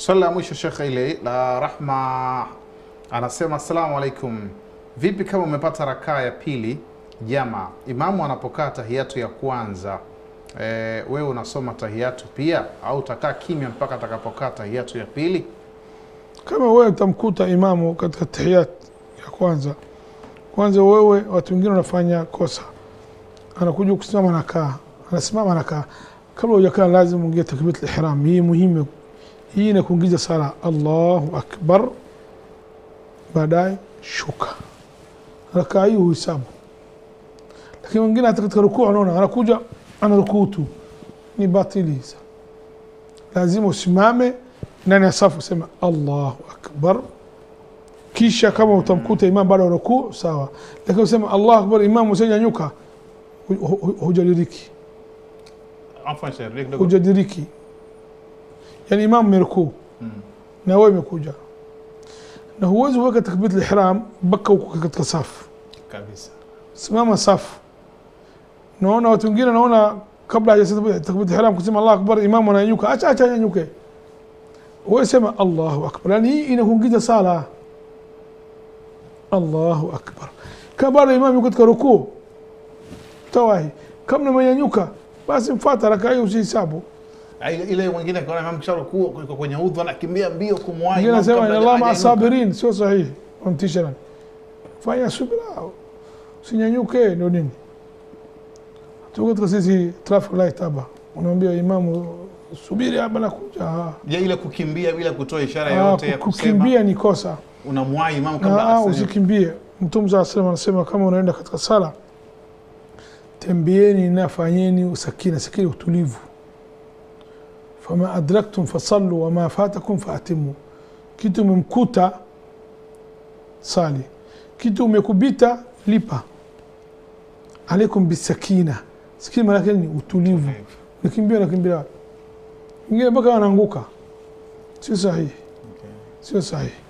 Swali la mwisho shekha ile la Rahma anasema assalamu alaikum, vipi kama umepata rakaa ya pili jama, imamu anapokaa tahiyatu ya kwanza e, wewe unasoma tahiyatu pia au utakaa kimya mpaka atakapokaa tahiyatu ya pili? Kama wewe utamkuta imamu katika tahiyatu ya kwanza kwanza, wewe watu wengine wanafanya kosa, anakuja kusimama nakaa, anasimama nakaa, kabla hujakaa lazima ungie takbiratul ihram. Hii muhimu هنا كون جيزة صلاة الله أكبر بداي شكا ركعي ويسام لكن من جينا تكتك ركوع نونا أنا كوجا أنا ركوتو نباطي ليس لازم اسمامي ناني أصاف اسمامي الله أكبر كيشا كما تمكوت إمام بعد ركوع ساوا لكن اسمامي الله أكبر إمام مسجد نيوكا هو جديريكي عفوا شير ليك هو جديريكي يعني امام ميركو ناوي ميركو جا انه هو وقت تكبيت الاحرام بكى وكت كصاف كابيس ما صاف نو نو تنجينا نو قبل تكبيت الاحرام كسم الله اكبر امام انا يوكا اش اش انا يوكا هو سما الله اكبر يعني انه قد صلاة الله اكبر كبار الامام يقول كركو تواهي كم لما ينوكا بس فاتر كايو سي سابو ile mwingine kaona Imam Kisharo kuwa kwa kwenye udhu anakimbia mbio kumwahi. Mwingine anasema inna Allaha maa sabirin, sio sahihi. Wamtisha nani? Fanya subira, usinyanyuke ndio nini? Tuko katika sisi traffic light hapa, unaambia Imam subiri hapa na kuja. Ya ile kukimbia bila kutoa ishara ah, yoyote ya kusema? Kukimbia ni kosa. Unamwahi Imam kabla ah, asali. Usikimbie. Mtume sallallahu alayhi wasallam anasema kama unaenda katika sala tembieni na fanyeni usakina, sakini utulivu fama adraktum fasallu wama fatakum faatimu, kitu umemkuta sali, kitu umekubita lipa. Alaikum bisakina, sikini maana ni utulivu. Nakimbia nakimbia, wengine mpaka wanaanguka. Sio sahihi, sio sahihi.